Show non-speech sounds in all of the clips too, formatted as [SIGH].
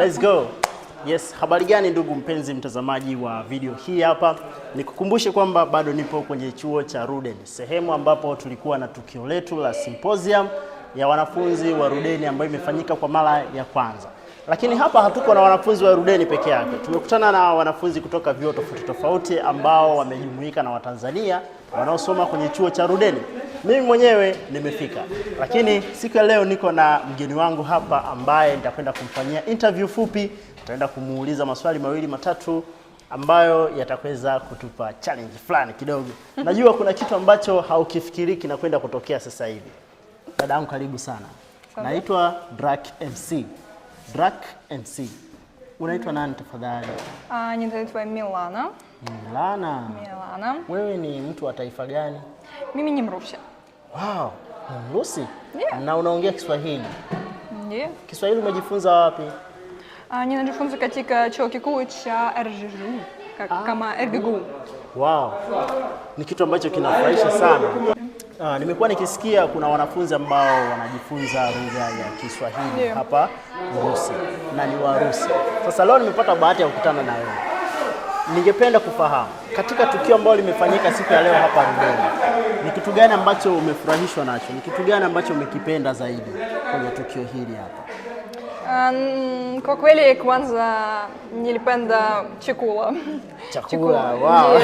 Let's go. Yes, habari gani ndugu mpenzi mtazamaji wa video hii hapa. Nikukumbushe kwamba bado nipo kwenye chuo cha Ruden, sehemu ambapo tulikuwa na tukio letu la symposium ya wanafunzi wa Rudeni ambayo imefanyika kwa mara ya kwanza. Lakini hapa hatuko na wanafunzi wa Rudeni peke yake. Tumekutana na wanafunzi kutoka vyuo tofauti tofauti ambao wamejumuika na Watanzania wanaosoma kwenye chuo cha Rudeni. Mimi mwenyewe nimefika, lakini siku ya leo niko na mgeni wangu hapa ambaye nitakwenda kumfanyia interview fupi. Tutaenda kumuuliza maswali mawili matatu ambayo yataweza kutupa challenge fulani kidogo. [LAUGHS] Najua kuna kitu ambacho haukifikiri kinakwenda kutokea sasa hivi. Dadangu, karibu sana. Naitwa Drack MC. Drack MC. Unaitwa nani tafadhali? Ah, ninaitwa Milana. Milana. Milana. Wewe ni mtu wa taifa gani? Mimi ni Mrusha. Wow, Lucy. Yeah. Na unaongea Kiswahili? Ndiyo. Kiswahili umejifunza wapi? Uh, ninajifunza katika chuo kikuu cha RGGU ah. kama RGGU. Wow. Ni kitu ambacho kinafurahisha sana. Uh, nimekuwa nikisikia kuna wanafunzi ambao wanajifunza lugha ya Kiswahili yeah, hapa Urusi na ni Warusi. Sasa leo nimepata bahati ya kukutana na wewe. Ningependa kufahamu katika tukio ambalo limefanyika siku ya leo hapa Ruvuma, ni kitu gani ambacho umefurahishwa nacho? Ni kitu gani ambacho umekipenda zaidi kwenye tukio hili hapa? Um, kwa kweli kwanza nilipenda chakula. Chakula, wow.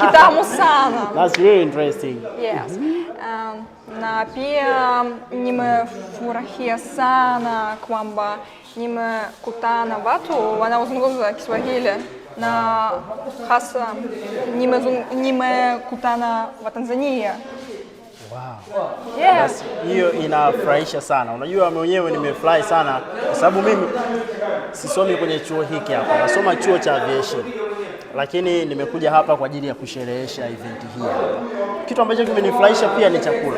Kitamu sana. [LAUGHS] That's really interesting. Yes. Mm-hmm. Um, na pia nimefurahia sana kwamba nimekutana watu wanaozungumza Kiswahili na hasa nimekutana wa Tanzania. Wow. Yeah. hiyo inafurahisha sana. Unajua mwenyewe nimefurahi sana kwa sababu mimi sisomi kwenye chuo hiki hapa, nasoma chuo cha aviation, lakini nimekuja hapa kwa ajili ya kusherehesha event hii hapa. Kitu ambacho kimenifurahisha pia ni chakula.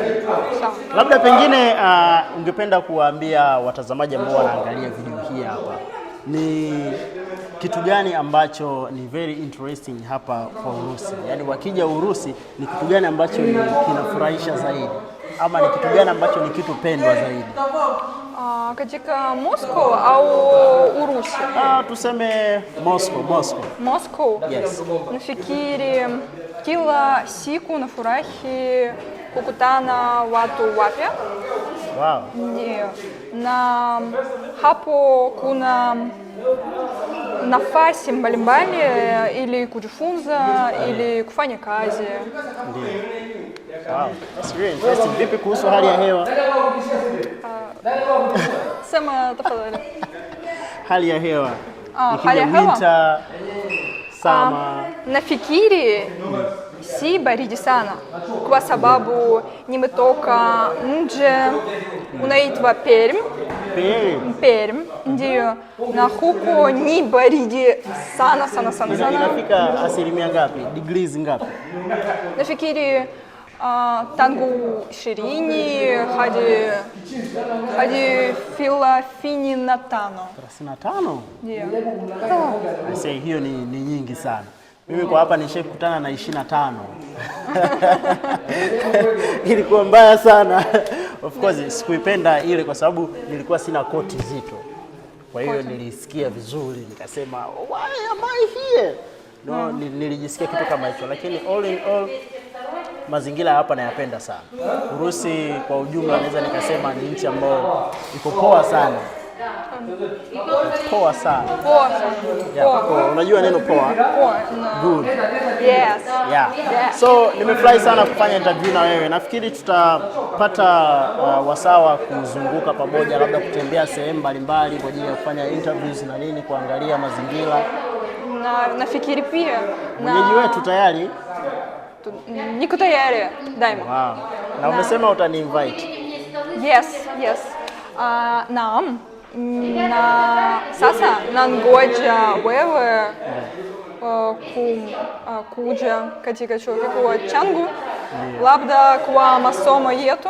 Labda pengine, uh, ungependa kuwaambia watazamaji ambao wanaangalia video hii hapa ni kitu gani ambacho ni very interesting hapa kwa Urusi? Yaani wakija Urusi ni kitu gani ambacho kinafurahisha zaidi ama ni kitu gani ambacho ni kitu pendwa zaidi? Uh, katika Moscow au Urusi? Ah, tuseme Moscow, Moscow. Moscow? Yes. Nafikiri kila siku nafurahi kukutana watu wapya. Wow. Ndio. Na hapo kuna nafasi mbalimbali ili kujifunza ili kufanya kazi. Ndio. Wow. That's really interesting. Vipi kuhusu hali ya hewa? Uh, sema tafadhali. Hali ya hewa. Ah, hali ya hewa. Winter, summer. Uh, nafikiri si baridi sana kwa sababu nimetoka nje, unaitwa Perm. Perm. Perm, ndio, na huko ni baridi sana sana sana sana. Inafika asilimia ngapi? Degrees ngapi? Nafikiri Uh, tangu ishirini hadi hadi thelathini na tano. Thelathini na tano? Ndiyo. Hiyo ni, ni nyingi sana. Mimi kwa hapa nishakutana na ishirini na tano [LAUGHS] ilikuwa mbaya sana of course, sikuipenda ile kwa sababu nilikuwa sina koti zito, kwa hiyo nilisikia vizuri nikasema why am I here? No, hmm. nilijisikia kitu kama hicho, lakini all in all mazingira hapa nayapenda sana. Urusi kwa ujumla, naweza nikasema ni nchi ambayo iko poa sana. Poa sana. Poa. Yeah, poa. Unajua neno poa? Poa. Good. Yes. Yeah. So nimefurahi sana kufanya interview na wewe. Nafikiri tutapata uh, wasawa kuzunguka pamoja, labda kutembea sehemu mbalimbali kwa ajili ya kufanya interviews na nini, kuangalia mazingira na nafikiri pia na... mwenyeji wetu tayari niko tayari daima. Wow. Na umesema utani invite? Yes, yes. Uh, naam na sasa nangoja wewe uh, ku, uh, kuja katika chuo kikuu changu labda kwa masomo yetu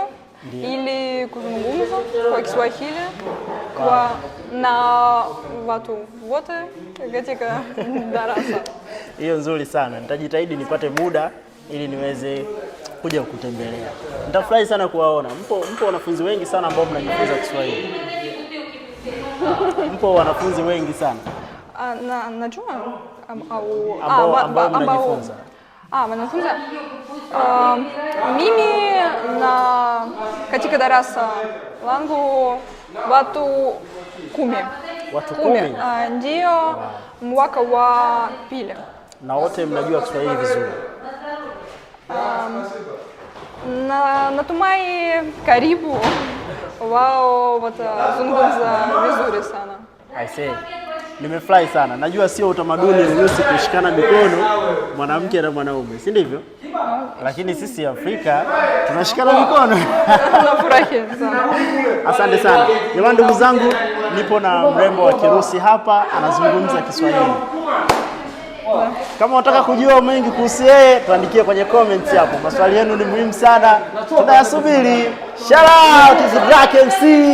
ili kuzungumza kwa Kiswahili kwa na watu wote katika [LAUGHS] darasa. Hiyo nzuri sana, nitajitahidi nipate muda ili niweze kuja kukutembelea. Nitafurahi sana kuwaona. Mpo mpo wanafunzi wengi sana ambao mnajifunza Kiswahili. Ah, mpo wanafunzi wengi sana ah, na, najua um, au ambao ah, wanafunza um, mimi na katika darasa langu watu kumi watu kumi ndio mwaka wa pili. Na wote mnajua Kiswahili vizuri? Um, na natumai karibu wao watazungumza uh, vizuri sana. I see. Nimefurahi sana. Najua sio utamaduni ruhusi kushikana mikono mwanamke na mwanaume, si ndivyo? Lakini sisi Afrika tunashikana mikono. Asante sana jamani, ndugu zangu, nipo na mrembo wa Kirusi hapa, anazungumza Kiswahili. Kama unataka kujua mengi kuhusu yeye, tuandikie kwenye comments hapo. Maswali yenu ni muhimu sana, tunayasubiri. Shout out to Drake MC.